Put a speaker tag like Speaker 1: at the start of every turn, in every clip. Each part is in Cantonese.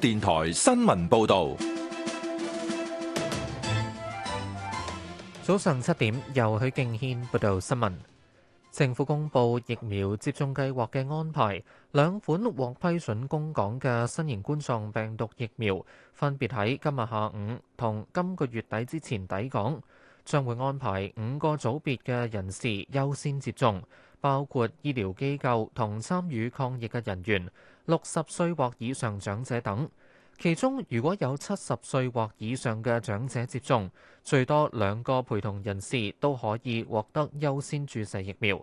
Speaker 1: 電台新聞報道：
Speaker 2: 早上七點，由許敬軒報道新聞。政府公布疫苗接種計劃嘅安排，兩款獲批准供港嘅新型冠狀病毒疫苗，分別喺今日下午同今個月底之前抵港，將會安排五個組別嘅人士優先接種，包括醫療機構同參與抗疫嘅人員。六十歲或以上長者等，其中如果有七十歲或以上嘅長者接種，最多兩個陪同人士都可以獲得優先注射疫苗。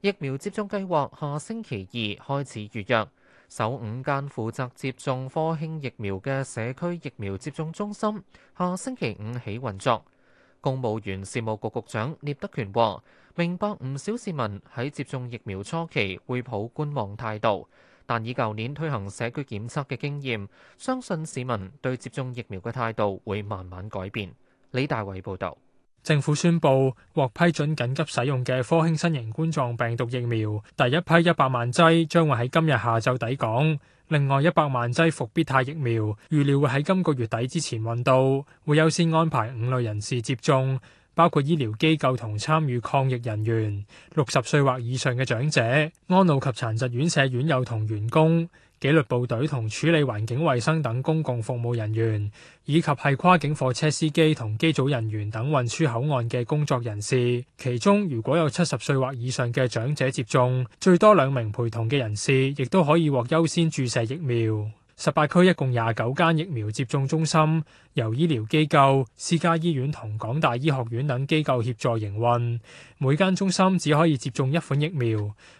Speaker 2: 疫苗接種計劃下星期二開始預約，首五間負責接種科興疫苗嘅社區疫苗接種中心下星期五起運作。公務員事務局局局長聶德權話：明白唔少市民喺接種疫苗初期會抱觀望態度。但以舊年推行社區檢測嘅經驗，相信市民對接種疫苗嘅態度會慢慢改變。李大偉報導，
Speaker 1: 政府宣布獲批准緊急使用嘅科興新型冠狀病毒疫苗第一批一百萬劑將會喺今日下晝抵港，另外一百萬劑復必泰疫苗預料會喺今個月底之前運到，會優先安排五類人士接種。包括醫療機構同參與抗疫人員、六十歲或以上嘅長者、安老及殘疾院舍院友同員工、紀律部隊同處理環境衛生等公共服務人員，以及係跨境貨車司機同機組人員等運輸口岸嘅工作人士。其中，如果有七十歲或以上嘅長者接種，最多兩名陪同嘅人士亦都可以獲優先注射疫苗。十八區一共廿九間疫苗接種中心，由醫療機構、私家醫院同港大醫學院等機構協助營運。每間中心只可以接種一款疫苗。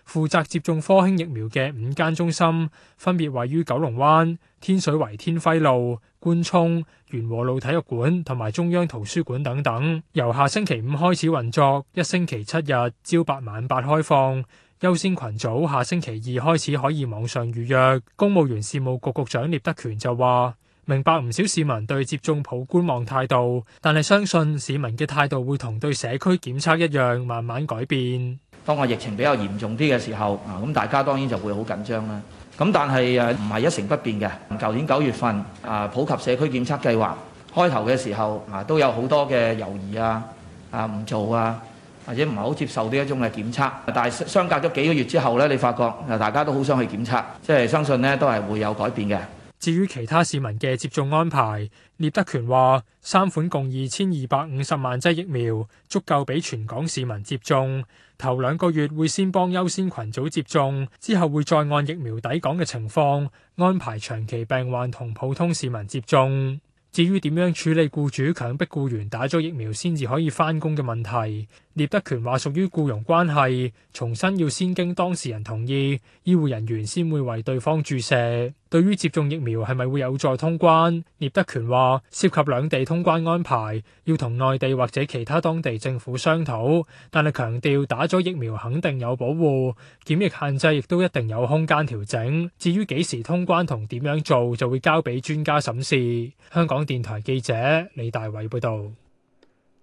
Speaker 1: 負責接種科興疫苗嘅五間中心，分別位於九龍灣、天水圍天暉路、官涌、源禾路體育館同埋中央圖書館等等。由下星期五開始運作，一星期七日，朝八晚八開放。優先群組下星期二開始可以網上預約。公務員事務局局長聶德權就話：明白唔少市民對接種普觀望態度，但係相信市民嘅態度會同對社區檢測一樣慢慢改變。
Speaker 2: 當個疫情比較嚴重啲嘅時候，啊咁大家當然就會好緊張啦。咁但係誒唔係一成不變嘅。舊年九月份啊普及社區檢測計劃開頭嘅時候啊都有好多嘅猶疑啊，啊唔做啊。或者唔係好接受呢一種嘅檢測，但係相隔咗幾個月之後呢，你發覺大家都好想去檢測，即係相信呢都係會有改變嘅。
Speaker 1: 至於其他市民嘅接種安排，聶德權話，三款共二千二百五十萬劑疫苗足夠俾全港市民接種，頭兩個月會先幫優先群組接種，之後會再按疫苗抵港嘅情況安排長期病患同普通市民接種。至於點樣處理僱主強迫僱員打咗疫苗先至可以翻工嘅問題，聶德權話屬於僱傭關係，重新要先經當事人同意，醫護人員先會為對方注射。對於接種疫苗係咪會有助通關，聶德權話涉及兩地通關安排，要同內地或者其他當地政府商討。但係強調打咗疫苗肯定有保護，檢疫限制亦都一定有空間調整。至於幾時通關同點樣做，就會交俾專家審視。香港。香港電台記者李大偉報道，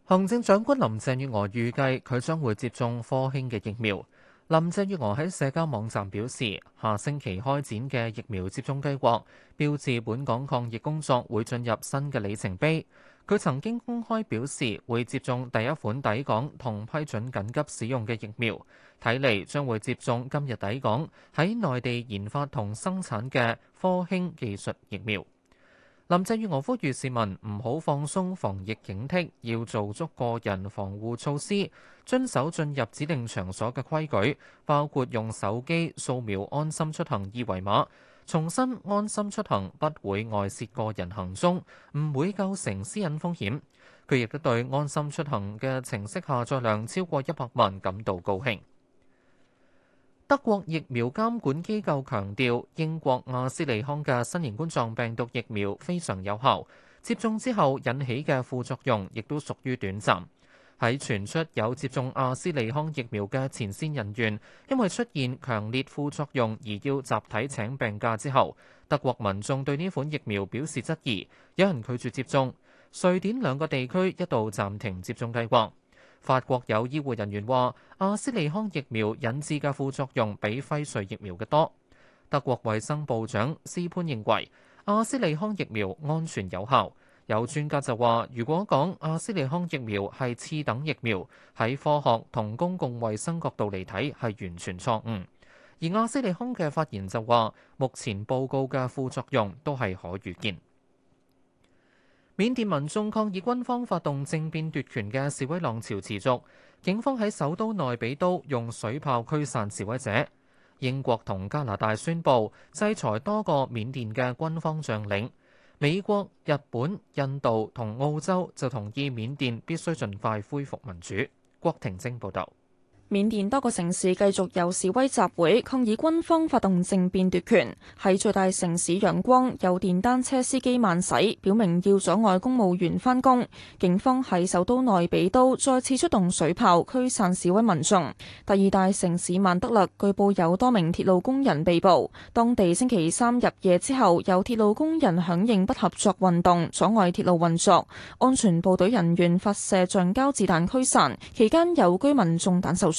Speaker 1: 行政長
Speaker 2: 官林鄭月娥預計佢將會接種科興嘅疫苗。林鄭月娥喺社交網站表示，下星期開展嘅疫苗接種計劃，標誌本港抗疫工作會進入新嘅里程碑。佢曾經公開表示會接種第一款抵港同批准緊急使用嘅疫苗，睇嚟將會接種今日抵港喺內地研發同生產嘅科興技術疫苗。林鄭月娥呼籲市民唔好放鬆防疫警惕，要做足個人防護措施，遵守進入指定場所嘅規矩，包括用手機掃描安心出行二維碼，重申安心出行不會外泄個人行蹤，唔會構成私隱風險。佢亦都對安心出行嘅程式下載量超過一百萬感到高興。德國疫苗監管機構強調，英國阿斯利康嘅新型冠狀病毒疫苗非常有效，接種之後引起嘅副作用亦都屬於短暫。喺傳出有接種阿斯利康疫苗嘅前線人員，因為出現強烈副作用而要集體請病假之後，德國民眾對呢款疫苗表示質疑，有人拒絕接種。瑞典兩個地區一度暫停接種計劃。法國有醫護人員話，阿斯利康疫苗引致嘅副作用比輝瑞疫苗嘅多。德國衛生部長斯潘認為，阿斯利康疫苗安全有效。有專家就話，如果講阿斯利康疫苗係次等疫苗，喺科學同公共衛生角度嚟睇係完全錯誤。而阿斯利康嘅發言就話，目前報告嘅副作用都係可預見。緬甸民眾抗議軍方發動政變奪權嘅示威浪潮持續，警方喺首都內比都用水炮驅散示威者。英國同加拿大宣布制裁多個緬甸嘅軍方將領，美國、日本、印度同澳洲就同意緬甸必須盡快恢復民主。郭婷晶報道。
Speaker 3: 緬甸多個城市繼續有示威集會，抗議軍方發動政變奪權。喺最大城市仰光，有電單車司機慢駛，表明要阻礙公務員翻工。警方喺首都內比都再次出動水炮驅散示威民眾。第二大城市曼德勒，據報有多名鐵路工人被捕。當地星期三入夜之後，有鐵路工人響應不合作運動，阻礙鐵路運作。安全部隊人員發射橡膠子彈驅散，期間有居民中彈受傷。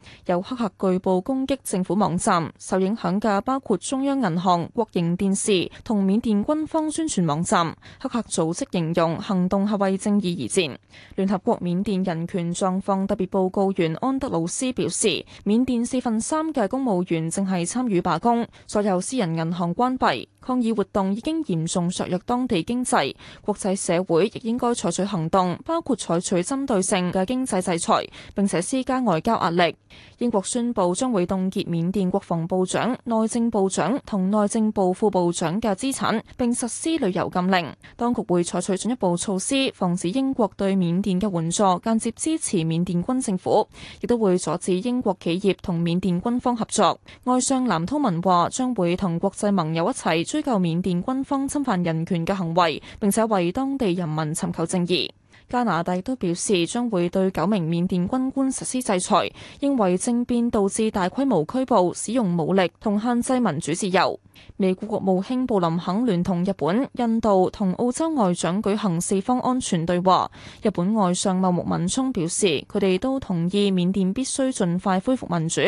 Speaker 3: 有黑客據報攻擊政府網站，受影響嘅包括中央銀行、國營電視同緬甸軍方宣傳網站。黑客組織形容行動係為正義而戰。聯合國緬甸人權狀況特別報告員安德魯斯表示，緬甸四分三嘅公務員正係參與罷工，所有私人銀行關閉，抗議活動已經嚴重削弱當地經濟。國際社會亦應該採取行動，包括採取針對性嘅經濟制裁，並且施加外交壓力。英國宣布將會凍結緬甸國防部長、內政部長同內政部副部長嘅資產，並實施旅遊禁令。當局會採取進一步措施，防止英國對緬甸嘅援助間接支持緬甸軍政府，亦都會阻止英國企業同緬甸軍方合作。外相藍韜文話將會同國際盟友一齊追究緬甸軍方侵犯人權嘅行為，並且為當地人民尋求正義。加拿大都表示將會對九名緬甸軍官實施制裁，認為政變導致大規模拘捕、使用武力同限制民主自由。美國國務卿布林肯聯同日本、印度同澳洲外長舉行四方安全對話，日本外相茂木敏充表示，佢哋都同意緬甸必須盡快恢復民主。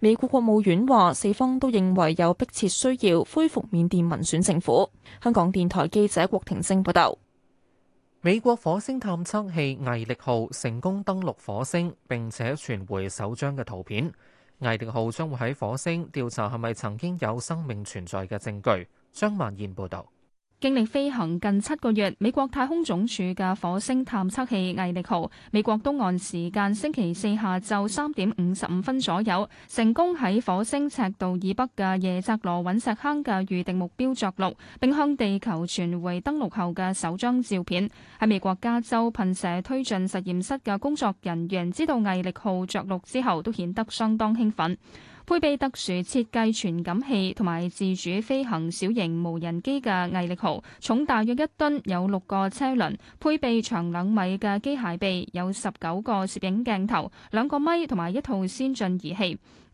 Speaker 3: 美國國務院話四方都認為有迫切需要恢復緬甸民選政府。香港電台記者郭婷晶報道。
Speaker 2: 美國火星探測器毅力號成功登陸火星，並且傳回首張嘅圖片。毅力號將會喺火星調查係咪曾經有生命存在嘅證據。張萬燕報道。
Speaker 4: 經歷飛行近七個月，美國太空總署嘅火星探測器毅力號，美國東岸時間星期四下晝三點五十五分左右，成功喺火星赤道以北嘅耶澤羅隕石坑嘅預定目標着陸，並向地球傳回登陸後嘅首張照片。喺美國加州噴射推進實驗室嘅工作人員知道毅力號着陸之後，都顯得相當興奮。配備特殊設計傳感器同埋自主飛行小型無人機嘅毅力號，重大約一噸，有六個車輪，配備長兩米嘅機械臂，有十九個攝影鏡頭、兩個咪同埋一套先進儀器。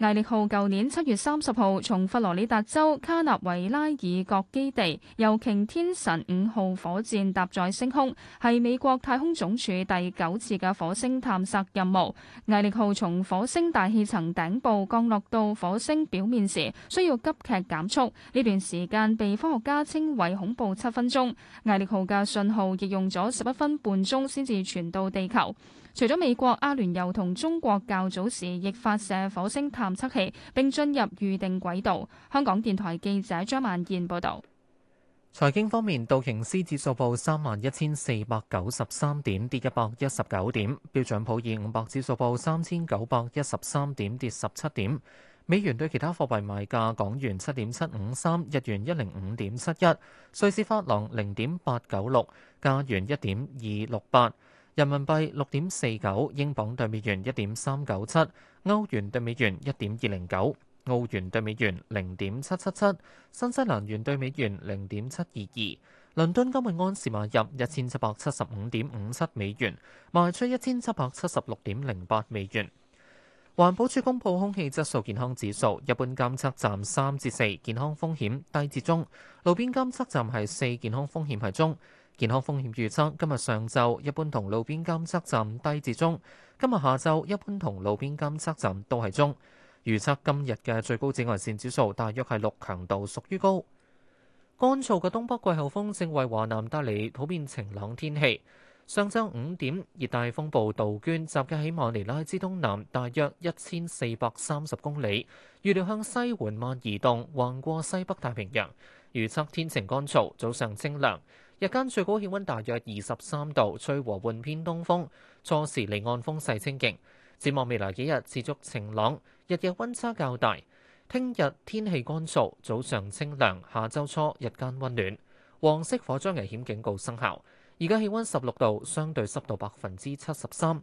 Speaker 4: 毅力號舊年七月三十號從佛羅里達州卡納維拉爾角基地，由擎天神五號火箭搭載升空，係美國太空總署第九次嘅火星探索任務。毅力號從火星大氣層頂部降落到火星表面時，需要急劇減速，呢段時間被科學家稱為恐怖七分鐘。毅力號嘅信號亦用咗十一分半鐘先至傳到地球。除咗美國、阿聯酋同中國較早時亦發射火星探測器並進入預定軌道。香港電台記者張萬燕報導。
Speaker 2: 財經方面，道瓊斯指數報三萬一千四百九十三點，跌一百一十九點；標準普爾五百指數報三千九百一十三點，跌十七點。美元對其他貨幣賣價：港元七點七五三，日元一零五點七一，瑞士法郎零點八九六，加元一點二六八。人民幣六點四九，英鎊對美元一點三九七，歐元對美元一點二零九，澳元對美元零點七七七，新西蘭元對美元零點七二二。倫敦今日安時買入一千七百七十五點五七美元，賣出一千七百七十六點零八美元。環保署公佈空氣質素健康指數，一般監測站三至四，健康風險低至中；路邊監測站係四，健康風險係中。健康風險預測今日上晝一般同路邊監測站低至中，今日下晝一般同路邊監測站都係中。預測今日嘅最高紫外線指數大約係六，強度屬於高。乾燥嘅東北季候風正為華南帶嚟普遍晴朗天氣，上晝五點熱帶風暴杜鵑集結喺馬尼拉之東南，大約一千四百三十公里，預料向西緩慢移動橫過西北太平洋。預測天晴乾燥，早上清涼。日間最高氣温大約二十三度，吹和緩偏東風。初時離岸風勢清勁。展望未來幾日持續晴朗，日日温差較大。聽日天氣乾燥，早上清涼，下周初日間温暖。黃色火災危險警告生效。而家氣温十六度，相對濕度百分之七十三。